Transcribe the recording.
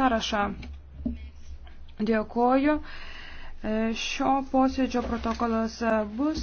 sąrašą. Dėkoju. E, šio posėdžio protokolas e, bus.